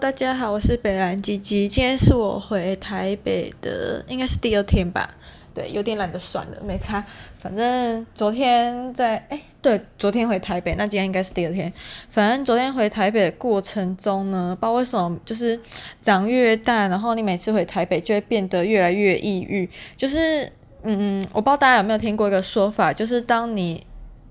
大家好，我是北蘭吉吉。今天是我回台北的，應該是第二天吧？對，有點懶得算了，沒差，反正昨天在……誒、欸，對，昨天回台北，那今天應該是第二天。反正昨天回台北的過程中呢，不知道為什麼，就是長越大，然後你每次回台北就會變得越來越抑鬱。就是，嗯，我不知道大家有沒有聽過一個說法，就是當你……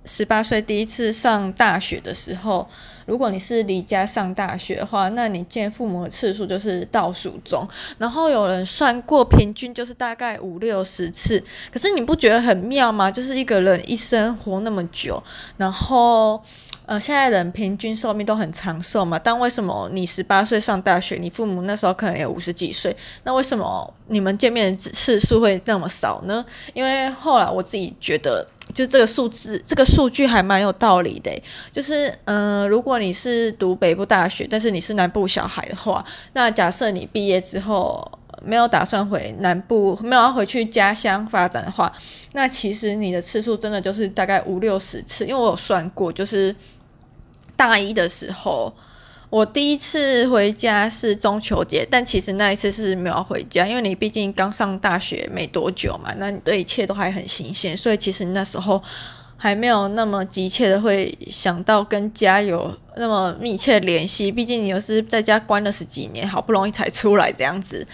十八歲第一次上大學的時候，如果你是離家上大學的話，那你見父母的次數就是倒數中。然後有人算過，平均就是大概五六十次。可是你不覺得很妙嗎？就是一個人一生活那麼久，然後。呃，現在人平均壽命都很長壽嘛，但為什麼你十八歲上大學，你父母那時候可能也五十幾歲？那為什麼你們見面的次數會那麼少呢？因為後來我自己覺得，就是這個數字，這個數據還蠻有道理的。就是，嗯、呃，如果你是讀北部大學，但是你是南部小孩的話，那假設你畢業之後沒有打算回南部，沒有要回去家鄉發展的話，那其實你的次數真的就是大概五六十次，因為我有算過，就是。大一的時候，我第一次回家是中秋節，但其實那一次是沒有回家，因為你畢竟剛上大學沒多久嘛，那你對一切都還很新鮮，所以其實那時候還沒有那麼急切的會想到跟家有那麼密切的聯繫，畢竟你又是在家關了十幾年，好不容易才出來這樣子，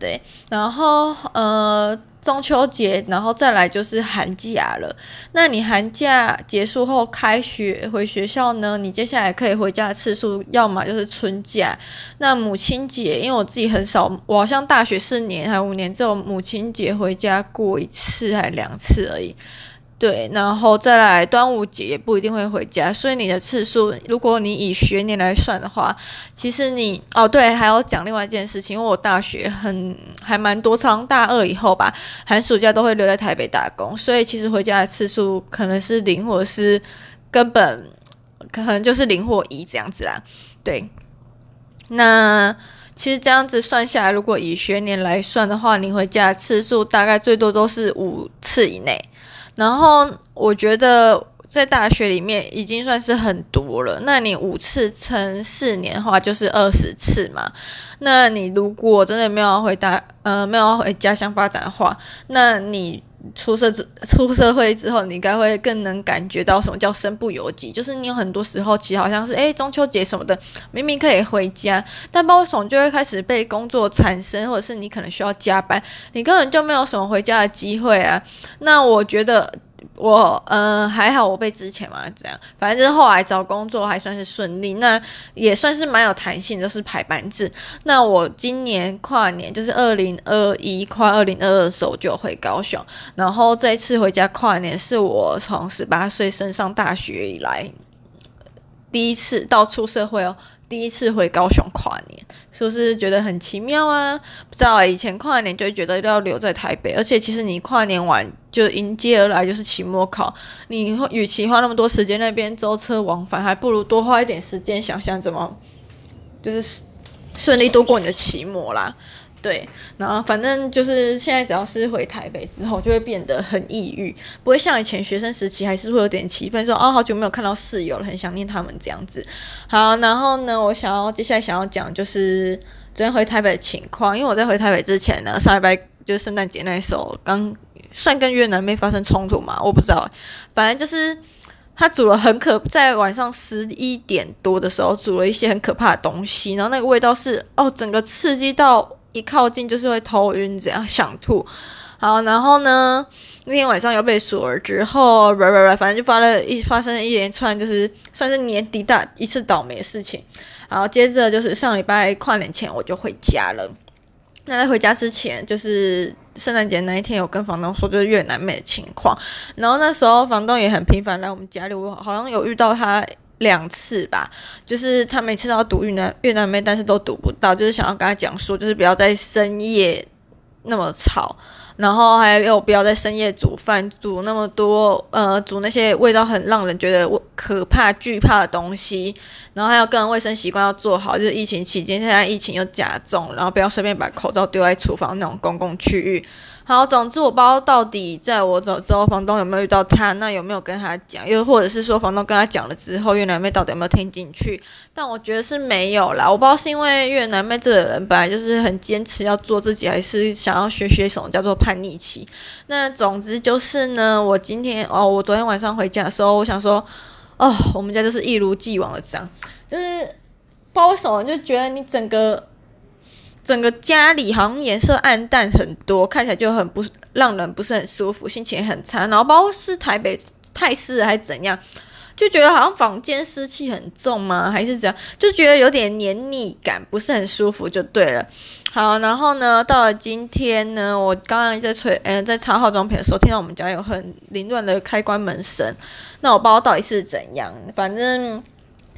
對，然後呃。中秋節，然後再來就是寒假了。那你寒假結束後開學回學校呢？你接下來可以回家的次數，要麼就是春假。那母親節，因為我自己很少，我好像大學四年還五年，只有母親節回家過一次還兩次而已。對，然後再來端午節也不一定會回家，所以你的次數，如果你以學年來算的話，其實你哦，對，還要講另外一件事情，因為我大學很還蠻多，從大二以後吧，寒暑假都會留在台北打工，所以其實回家的次數可能是零，或是根本可能就是零或一這樣子啦。對，那其實這樣子算下來，如果以學年來算的話，你回家的次數大概最多都是五次以內。然後我覺得在大學裡面已經算是很多了。那你五次乘四年的話，就是二十次嘛。那你如果真的沒有回大，呃，沒有回家鄉發展的話，那你。出社出社會之後，你應該會更能感覺到什麼叫身不由己。就是你有很多時候，其實好像是誒、欸，中秋節什麼的，明明可以回家，但包括總就會開始被工作纏身，或者是你可能需要加班，你根本就沒有什麼回家的機會啊。那我覺得。我嗯、呃、還好，我被之前嘛，這樣，反正就是後來找工作還算是順利，那也算是蠻有彈性的，就是排班制。那我今年跨年就是二零二一跨二零二二時候，就回高雄，然後這一次回家跨年是我從十八歲升上大學以來第一次到出社會哦、喔。第一次回高雄跨年，是不是覺得很奇妙啊？不知道啊，以前跨年就覺得要留在台北，而且其實你跨年完就迎接而來就是期末考，你與其花那麼多時間那邊舟車往返，還不如多花一點時間想想怎麼就是順利度過你的期末啦。對，然後反正就是現在，只要是回台北之後，就會變得很抑鬱，不會像以前學生時期還是會有點氣氛說，說、哦、啊好久沒有看到室友了，很想念他們這樣子。好，然後呢，我想要接下來想要講就是昨天回台北的情況，因為我在回台北之前呢，上禮拜就是聖誕節那時候剛算跟越南妹發生衝突嘛，我不知道，反正就是他煮了很可，在晚上十一點多的時候煮了一些很可怕的東西，然後那個味道是哦，整個刺激到。一靠近就是會頭暈這樣，想吐。好，然後呢，那天晚上又被鎖了之後，反正就發了一發生一連串，就是算是年底大一次倒霉事情。然後接着就是上禮拜跨年前我就回家了。那在回家之前，就是聖誕節那一天，有跟房東說就是越南妹的情況。然後那時候房東也很頻繁來我們家裡，我好像有遇到他。兩次吧，就是他每次都要堵越南越南妹，但是都堵不到。就是想要跟他講說，就是不要在深夜那麼吵，然後還有不要在深夜煮飯，煮那麼多呃，煮那些味道很讓人覺得可怕懼怕的東西。然後還有個人衛生習慣要做好，就是疫情期間，現在疫情又加重，然後不要隨便把口罩丟在廚房那種公共區域。好，總之我不知道到底在我走之後，房東有沒有遇到他，那有沒有跟他講？又或者是說房東跟他講了之後，越南妹到底有沒有聽進去？但我覺得是沒有啦。我不知道是因為越南妹這個人本來就是很堅持要做自己，還是想要學學什麼叫做叛逆期。那總之就是呢，我今天哦，我昨天晚上回家的時候，我想說，哦，我們家就是一如既往的這樣，就是不知道為什麼，就覺得你整個。整個家裡好像顏色暗淡很多，看起來就很不讓人不是很舒服，心情也很差。然後不知道是台北太濕還是怎樣，就覺得好像房間濕氣很重嗎？還是怎樣？就覺得有點黏膩感，不是很舒服就對了。好，然後呢，到了今天呢，我剛剛在吹，嗯、哎，在擦化妝品的時候，聽到我們家有很凌亂的開關門聲。那我不知道到底是怎樣，反正。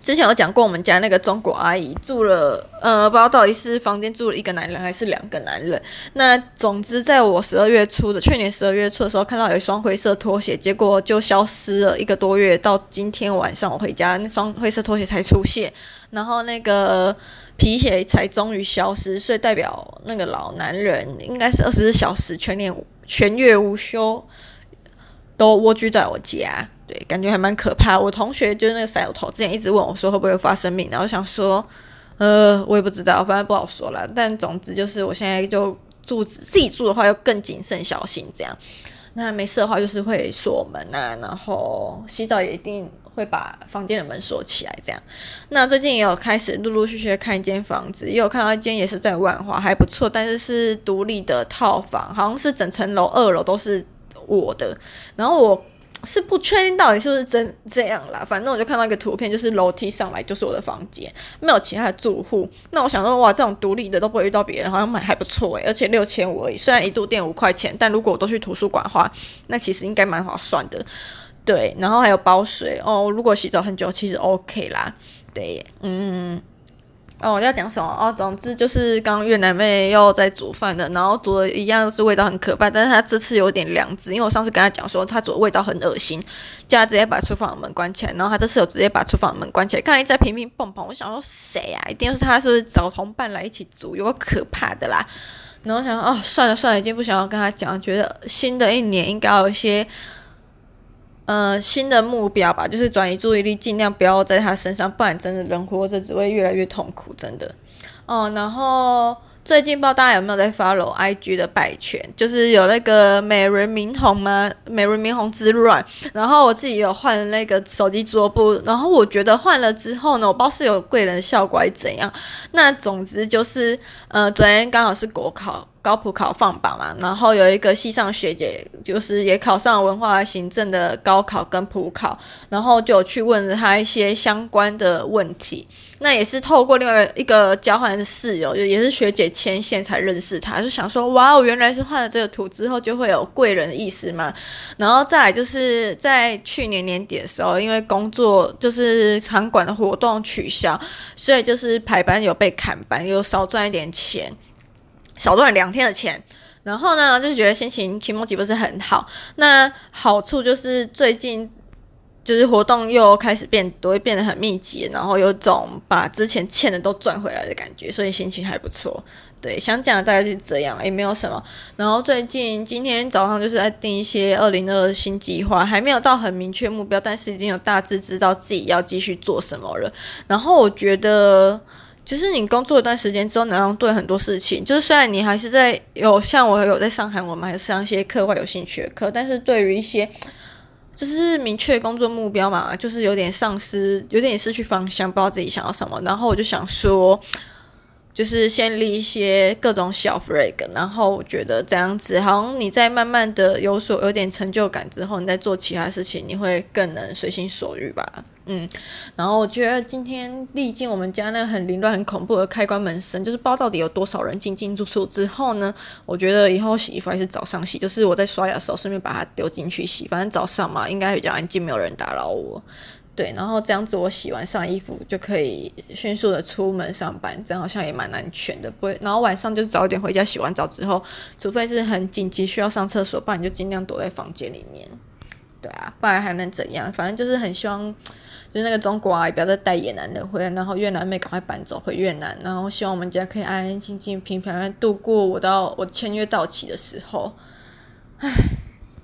之前有講過，我們家那個中國阿姨住了，呃，不知道到底是房間住了一個男人還是兩個男人。那總之，在我十二月初的去年十二月初的時候，看到有一雙灰色拖鞋，結果就消失了一個多月。到今天晚上我回家，那雙灰色拖鞋才出現，然後那個皮鞋才終於消失。所以代表那個老男人應該是二十四小時全年全月無休。都蝸居在我家，對，感覺還蠻可怕。我同學就是那個 sales 頭，之前一直問我說會不會發生命，然後想說，呃，我也不知道，反正不好說了。但總之就是我現在就住自己住的話，要更謹慎小心這樣。那沒事的話就是會鎖門啊，然後洗澡也一定會把房間的門鎖起來這樣。那最近也有開始陸陸續續看一間房子，也有看到一間也是在萬華還不錯，但是是獨立的套房，好像是整層樓二樓都是。我的，然後我是不確定到底是不是真這樣啦。反正我就看到一個圖片，就是樓梯上來就是我的房間，沒有其他的住戶。那我想說，哇，這種獨立的都不會遇到別人，好像買還不錯誒、欸。而且六千五而已，雖然一度電五塊錢，但如果我都去圖書館的話，那其實應該蠻划算的。對，然後還有包水哦，如果洗澡很久，其實 OK 啦。對，嗯。哦，要講什麼哦？總之就是剛越南妹又在煮飯的，然後煮的一樣是味道很可怕，但是她這次有點良知，因為我上次跟她講說她煮的味道很惡心，叫她直接把廚房的門關起來，然後她這次有直接把廚房的門關起來，剛才在頻頻蹦蹦，我想說誰啊？一定是她，是不是找同伴來一起煮？有夠可怕的啦。然後我想哦，算了算了，已經不想要跟她講，覺得新的一年應該有一些。呃，新的目標吧，就是轉移注意力，儘量不要在他身上，不然真的人活着只會越來越痛苦，真的。哦，然後最近不知道大家有沒有在 follow IG 的敗犬，就是有那個美人明紅嗎？美人明紅之軟，然後我自己有換那個手機桌布，然後我覺得換了之後呢，我不知道是有貴人的效果還是怎樣。那總之就是，呃，昨天剛好是國考。高普考放榜嘛，然後有一個系上學姐，就是也考上了文化行政的高考跟普考，然後就去問她一些相關的問題。那也是透過另外一個交換的室友，就也是學姐牽線才認識她，就想說，哇哦，我原來是換了這個圖之後就會有貴人的意思嗎？然後再來就是在去年年底的時候，因為工作就是場館的活動取消，所以就是排班有被砍班，又少賺一點錢。少賺兩天的錢，然後呢，就是覺得心情期末基不是很好。那好處就是最近就是活動又開始變多，會變得很密集，然後有種把之前欠的都賺回來的感覺，所以心情還不錯。對，想講的大概就是這樣，也沒有什麼。然後最近今天早上就是在定一些二零二二新計劃，還沒有到很明確目標，但是已經有大致知道自己要繼續做什麼了。然後我覺得。就是你工作一段時間之後，然後對很多事情，就是雖然你還是在有像我有在上海，我們還是上一些課外有興趣的課，但是對於一些就是明確工作目標嘛，就是有點喪失，有點失去方向，不知道自己想要什麼。然後我就想說。就是先立一些各種小 flag，然後我覺得這樣子，好像你在慢慢的有所有點成就感之後，你再做其他事情，你會更能隨心所欲吧。嗯，然後我覺得今天歷經我們家那很凌亂、很恐怖的開關門聲，就是不知道到底有多少人進進出出之後呢，我覺得以後洗衣服還是早上洗，就是我在刷牙的時候順便把它丟進去洗，反正早上嘛，應該比較安靜，沒有人打擾我。對，然後這樣子我洗完上衣服就可以迅速的出門上班，這樣好像也蠻安全的，不會。然後晚上就是早點回家，洗完澡之後，除非是很緊急需要上廁所，不然你就儘量躲在房間裡面。對啊，不然還能怎樣？反正就是很希望，就是那個中國啊，也不要再帶越南的回來，然後越南妹趕快搬走回越南，然後希望我們家可以安安靜靜、平平安安度過我到我簽約到期的時候。唉。